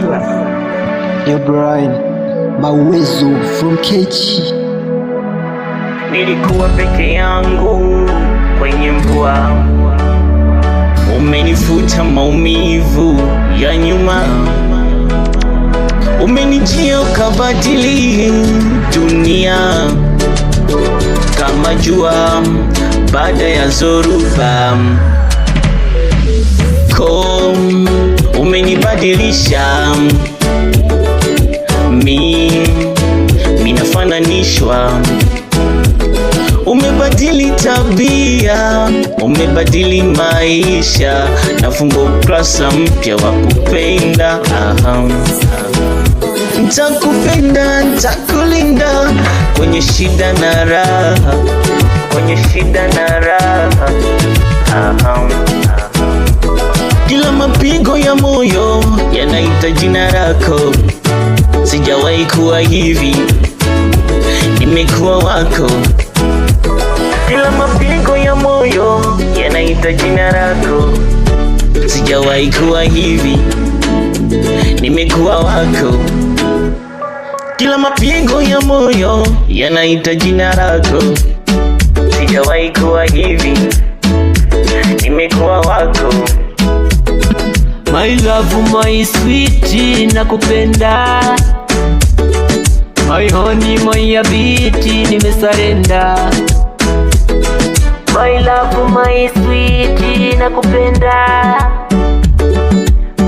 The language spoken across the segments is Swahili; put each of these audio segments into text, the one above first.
Brian. Brian Mawezo from Kechi. Nilikuwa peke yangu kwenye mvua, umenifuta maumivu ya nyuma, umenijia ukabadili dunia kama jua baada ya zoruba Kom kubadilisha mi minafananishwa Umebadili tabia, umebadili maisha, nafungua ukurasa mpya wa kupenda. Ntakupenda, ntakulinda kwenye shida na raha, kwenye shida na raha. Kila mapigo ya moyo yanaita jina lako, sijawahi kuwa hivi, nimekuwa wako. Kila mapigo ya moyo yanaita jina lako, sijawahi kuwa hivi, nimekuwa wako. Kila mapigo ya moyo yanaita jina lako, sijawahi kuwa hivi, nimekuwa wako love my sweet, na kupenda my honey my abiti, nimesarenda my love my sweet, na kupenda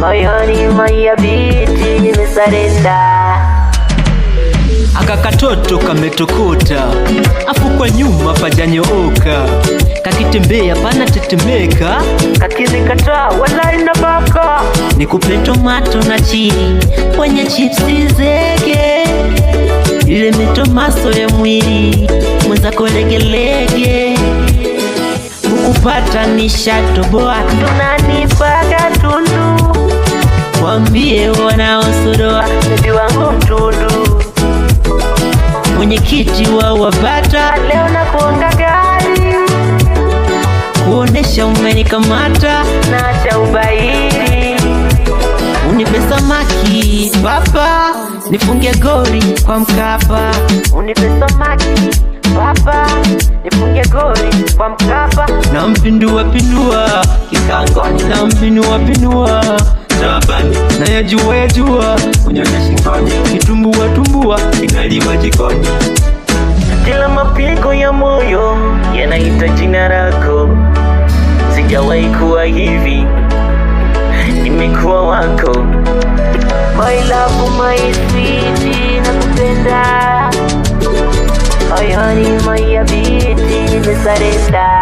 my honey my biti nimesarenda. Akakatoto kametokota afu kwa nyuma pajanyooka, kakitembea pana tetemeka, kakizikataa walai na baka nikupe tomato na chini kwenye chipsi zege, ile mitomaso ya mwili mwenzako legelege, ukupata nishatoboa, tunanipaga tundu, wambie wanaosodoa bebi wangu Tundu, mwenyekiti wa wabata, leo na kuonga gari kuonesha umenikamata, naacha ubaini papa, nifunge gori kwa Mkapa, unipe samaki papa, nifunge gori kwa Mkapa, nampindua pindua kikangoni, nampindua pindua Shabani na yajua yajua, unyonye shingoni, kitumbua tumbua kinaliwa jikoni, kila mapigo ya moyo yanaita jina lako, sijawahi kuwa hivi, nimekuwa wako isipiti na kupenda moyoni mwa yabiti nimesarenda